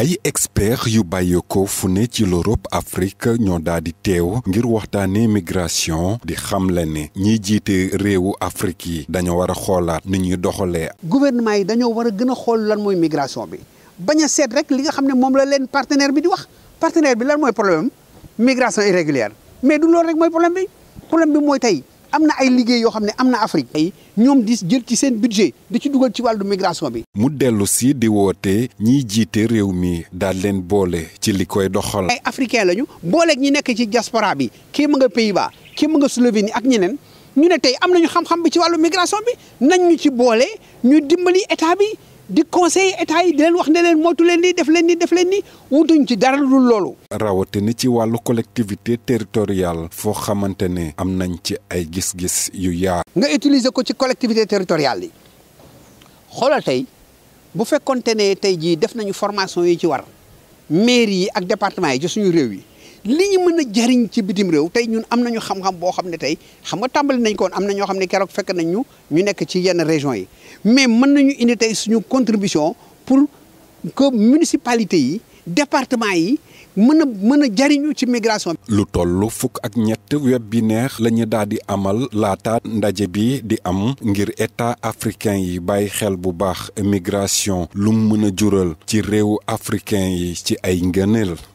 ay expert yu bàyyeekoo fu ne ci l'Europe Afrique ñoo daal di teew ngir waxtaanee migration di xam xamle ne ñiy jiite réewu Afrique yi dañoo war a xoolaat ni ñuy doxalee. gouvernement yi dañoo war a gën a xool lan mooy migration bi bañ a seet rek li nga xam ne moom la leen partenaire bi di wax partenaire bi lan mooy problème migration irrégulière mais du loolu rek mooy problème bi problème bi mooy tey am na ay liggéey yoo xam ne am na Afrique. ay ñoom di jël ci seen budget di ci dugal ci wàllu migration bi. mu dellu si di woote ñiy jiite réew mi daal leen boole ci li koy doxal. ay africain lañu booleeg ñi nekk ci diaspora bi kii ma nga Pays-Bas kii ma nga Slovénie ak ñeneen. ñu ne tey am nañu xam-xam bi ci wàllu migration bi nañ ñu ci boole ñu dimbali état bi di conseil état yi di leen wax ne leen mootu leen di def leen di def leen nii wutuñ ci dara dul loolu. rawatina ci wàllu collectivité territoriale foo xamante ne am nañ ci ay gis-gis yu yaar nga utiliser ko ci collectivité territoriale yi xoolal tey bu fekkonte ne tey jii def nañu formation yi ci war mairie yi ak département yi ci suñu réew yi. li ñu mën a jariñ ci bitim réew tey ñun am nañu xam-xam boo xam ne tey xam nga tàmbali nañ koon am na ñoo xam ne keroog fekk nañ ñu nekk ci yenn région yi mais mën nañu indi tey suñu contribution pour que municipalité yi département yi mën a mën a jariñu ci migration lu toll fukk ak ñett webinaire la ñu daal di amal laata ndaje bi di am ngir état africain yi bàyyi xel bu baax migration lu mu mën a jural ci réewu africain yi ci ay ngëneel